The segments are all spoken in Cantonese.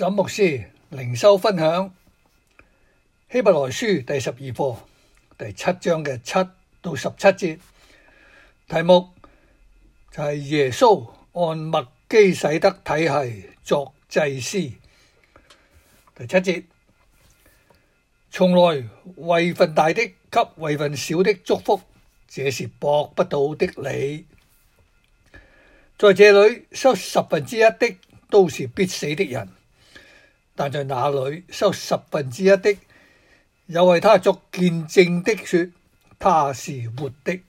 沈牧師靈修分享希伯來書第十二課，第七章嘅七到十七節，題目就係耶穌按麥基洗德體系作祭司。第七節，從來位份大的給位份小的祝福，這是駁不倒的理，在這裏收十分之一的都是必死的人。但在那裏收十分之一的，有為他作見證的說他是活的，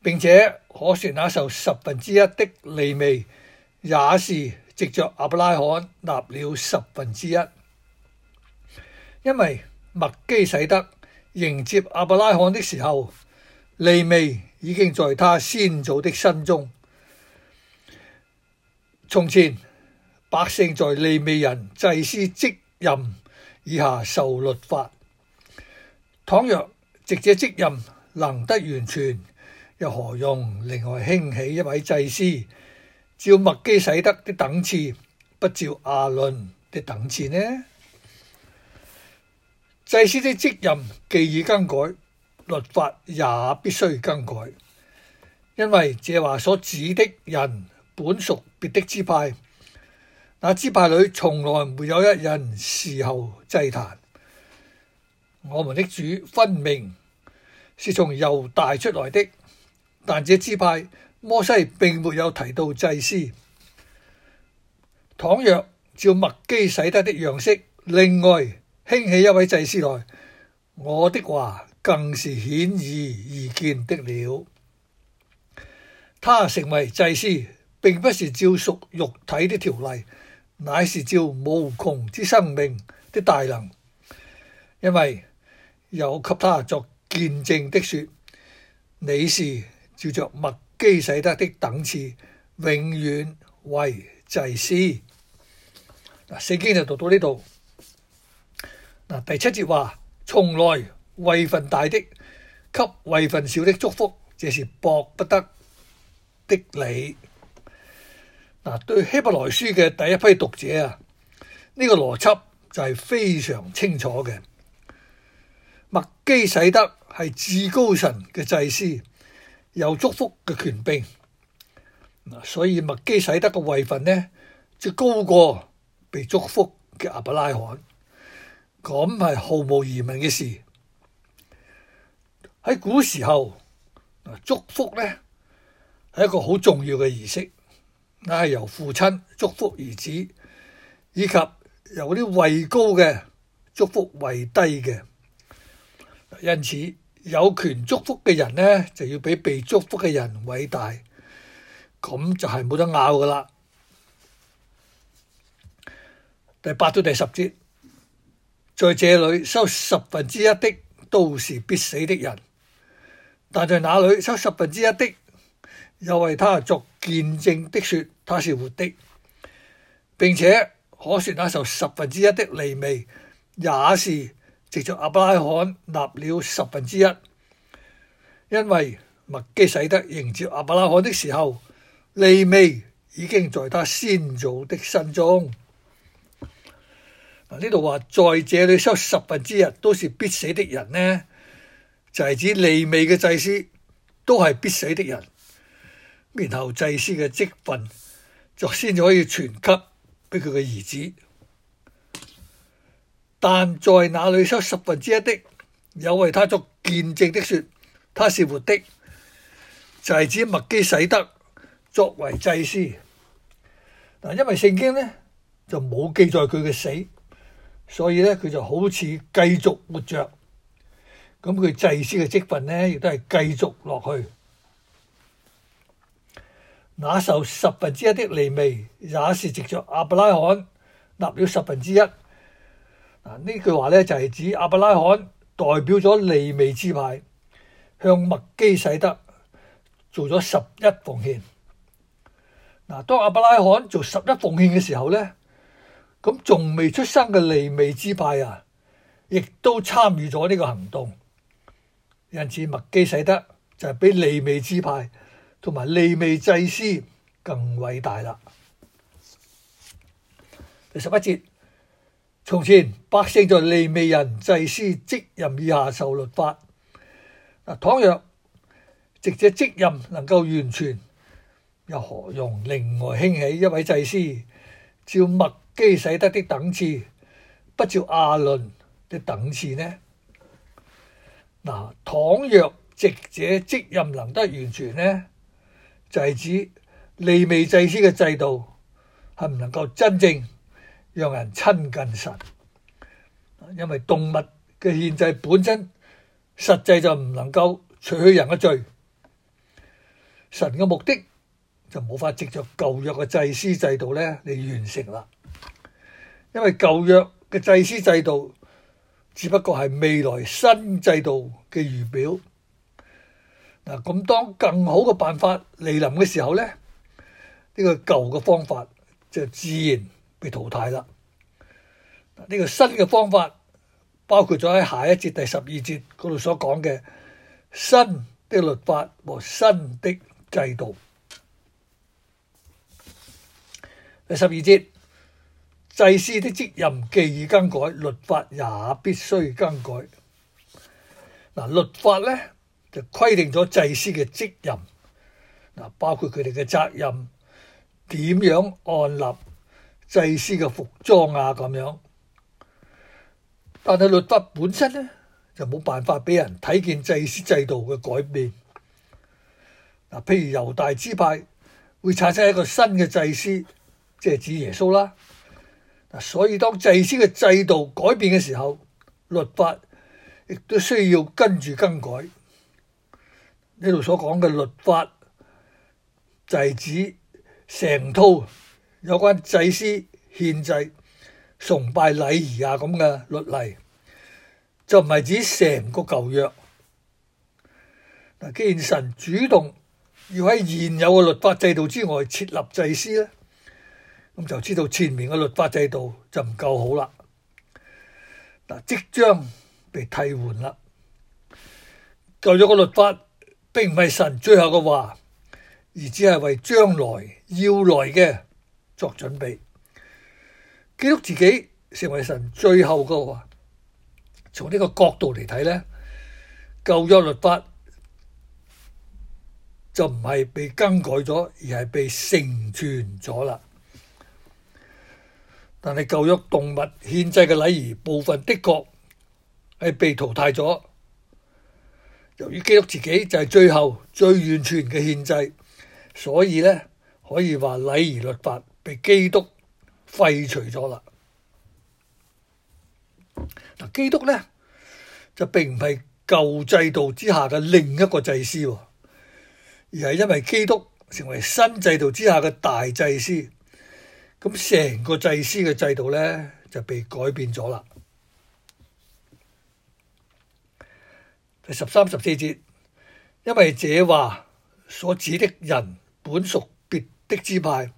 並且可說那受十分之一的利未，也是藉着亞伯拉罕納了十分之一，因為麥基洗德迎接亞伯拉罕的時候，利未已經在他先祖的身中，從前。百姓在利未人祭司職任以下受律法。倘若藉這職任能得完全，又何用另外興起一位祭司，照麥基洗德的等次，不照亞倫的等次呢？祭司的職任既已更改，律法也必須更改，因為這話所指的人本屬別的支派。那支派裏從來沒有一人侍候祭壇。我們的主分明是從猶大出來的，但這支派摩西並沒有提到祭司。倘若照麥基洗德的樣式，另外興起一位祭司來，我的話更是顯而易見的了。他成為祭司，並不是照屬肉體的條例。乃是照無窮之生命的大能，因為有給他作見證的說：你是照着麥基洗德的等次，永遠為祭司。嗱，聖經就讀到呢度。嗱，第七節話：從來位份大的，給位份小的祝福，這是駁不得的理。嗱，對希伯來書嘅第一批讀者啊，呢個邏輯就係非常清楚嘅。麥基洗德係至高神嘅祭司，有祝福嘅權柄。所以麥基洗德嘅位份呢，就高過被祝福嘅亞伯拉罕。咁係毫無疑問嘅事。喺古時候，祝福咧係一個好重要嘅儀式。那係由父親祝福兒子，以及由啲位高嘅祝福位低嘅。因此，有權祝福嘅人呢，就要比被祝福嘅人偉大。咁就係冇得拗㗎喇。第八到第十節，在這裡收十分之一的都是必死的人，但在那裡收十分之一的。又為他作見證的，說他是活的。並且可説，那受十分之一的利未，也是藉着亞伯拉罕納了十分之一，因為麥基洗德迎接亞伯拉罕的時候，利未已經在他先祖的身中。嗱，呢度話，在這裡收十分之一都是必死的人呢，就係指利未嘅祭司都係必死的人。然後祭司嘅職份就先至可以傳給俾佢嘅兒子，但在那裡收十分之一的，有為他作見證的說他是活的，就係指麥基洗德作為祭司。但因為聖經呢就冇記載佢嘅死，所以呢，佢就好似繼續活着，咁佢祭司嘅職份呢亦都係繼續落去。那受十分之一的利未，也是藉着亞伯拉罕納了十分之一。嗱，呢句話咧就係指亞伯拉罕代表咗利未支派向麥基洗德做咗十一奉獻。嗱，當亞伯拉罕做十一奉獻嘅時候咧，咁仲未出生嘅利未支派啊，亦都參與咗呢個行動，因此麥基洗德就係俾利未支派。同埋利未祭司更偉大啦。第十一節：從前百姓在利未人祭司職任以下受律法。倘若藉這職任能夠完全，又何用另外興起一位祭司，照麥基洗德的等次，不照亞倫的等次呢？嗱，倘若藉這職任能得完全呢？就係指利未祭司嘅制度係唔能夠真正讓人親近神，因為動物嘅獻祭本身實際就唔能夠除去人嘅罪，神嘅目的就冇法藉着舊約嘅祭司制度咧嚟完成啦，因為舊約嘅祭司制度只不過係未來新制度嘅預表。嗱，咁當更好嘅辦法嚟臨嘅時候咧，呢、這個舊嘅方法就自然被淘汰啦。呢、這個新嘅方法包括咗喺下一節第十二節嗰度所講嘅新嘅律法和新的制度。第十二節，祭司的職任既已更改，律法也必須更改。嗱，律法呢。就規定咗祭司嘅職任嗱，包括佢哋嘅責任、點樣按立祭司嘅服裝啊，咁樣。但係律法本身咧就冇辦法俾人睇見祭司制度嘅改變嗱。譬如猶大支派會產生一個新嘅祭司，即係指耶穌啦嗱。所以當祭司嘅制度改變嘅時候，律法亦都需要跟住更改。呢度所講嘅律法就係指成套有關祭司獻祭、崇拜禮儀啊咁嘅律例，就唔係指成個舊約嗱。既然神主動要喺現有嘅律法制度之外設立祭司呢，咁就知道前面嘅律法制度就唔夠好啦，嗱，即將被替換啦。舊咗個律法。並唔係神最後嘅話，而只係為將來要來嘅作準備。基督自己成為神最後嘅話，從呢個角度嚟睇呢，舊約律法就唔係被更改咗，而係被成全咗啦。但係舊約動物獻祭嘅禮儀部分，的確係被淘汰咗。由於基督自己就係最後最完全嘅獻祭，所以呢可以話禮儀律法被基督廢除咗啦。嗱，基督呢，就並唔係舊制度之下嘅另一個祭司喎，而係因為基督成為新制度之下嘅大祭司，咁成個祭司嘅制度呢就被改變咗啦。十三十四節，因為這話所指的人本屬別的支派，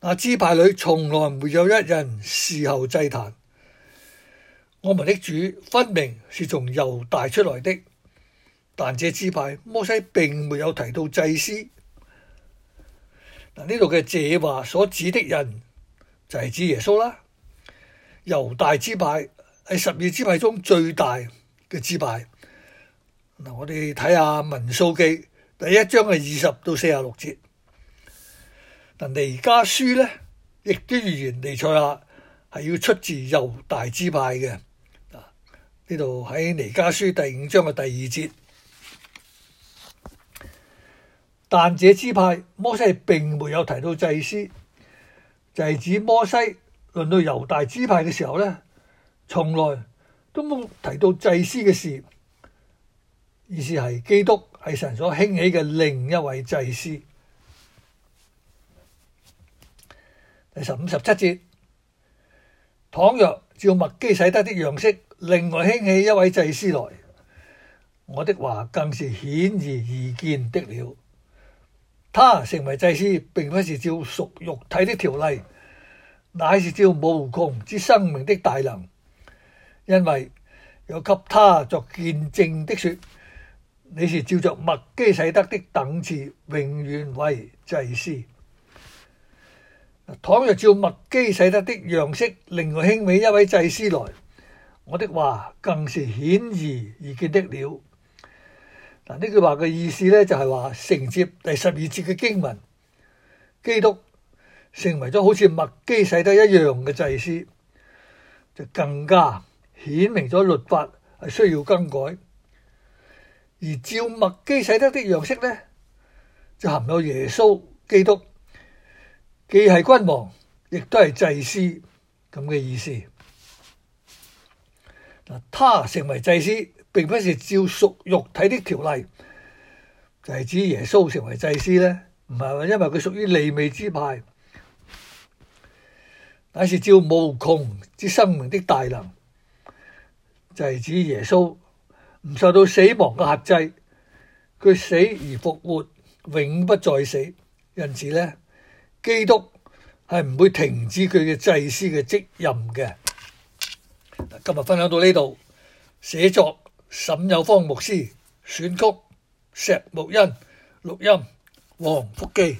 那支派裏從來沒有一人伺候祭壇。我們的主分明是從猶大出來的，但這支派摩西並沒有提到祭司。嗱，呢度嘅這話所指的人就係指耶穌啦。猶大支派係十二支派中最大嘅支派。嗱，我哋睇下《民數記》第一章嘅二十到四十六節。嗱，《彌迦書呢》咧，亦都預言彌賽亞，係要出自猶大支派嘅。啊，呢度喺《彌迦書》第五章嘅第二節，但這支派摩西並沒有提到祭司，就係、是、指摩西，論到猶大支派嘅時候咧，從來都冇提到祭司嘅事。意思係基督係神所興起嘅另一位祭司。第十五十七節：倘若照麥基洗德的樣式另外興起一位祭司來，我的話更是顯而易見的了。他成為祭司並不是照屬肉體的條例，乃是照無窮之生命的大能，因為有給他作見證的說。你是照着麥基洗德的等次永遠為祭司。倘若照麥基洗德的樣式，另外興起一位祭司來，我的話更是顯而易見的了。嗱，呢句話嘅意思呢，就係話承接第十二節嘅經文，基督成為咗好似麥基洗德一樣嘅祭司，就更加顯明咗律法係需要更改。而照麥基洗德的啲樣式呢，就含有耶穌基督既係君王，亦都係祭司咁嘅意思。嗱，他成為祭司，並不是照屬肉體的條例，就係指耶穌成為祭司呢。唔係因為佢屬於利未支派，乃是照無窮之生命的大能，就係指耶穌。唔受到死亡嘅限制，佢死而復活，永不再死。因此呢，基督係唔會停止佢嘅祭司嘅職任嘅。今日分享到呢度，寫作沈有方牧師，選曲石木恩，錄音黃福記。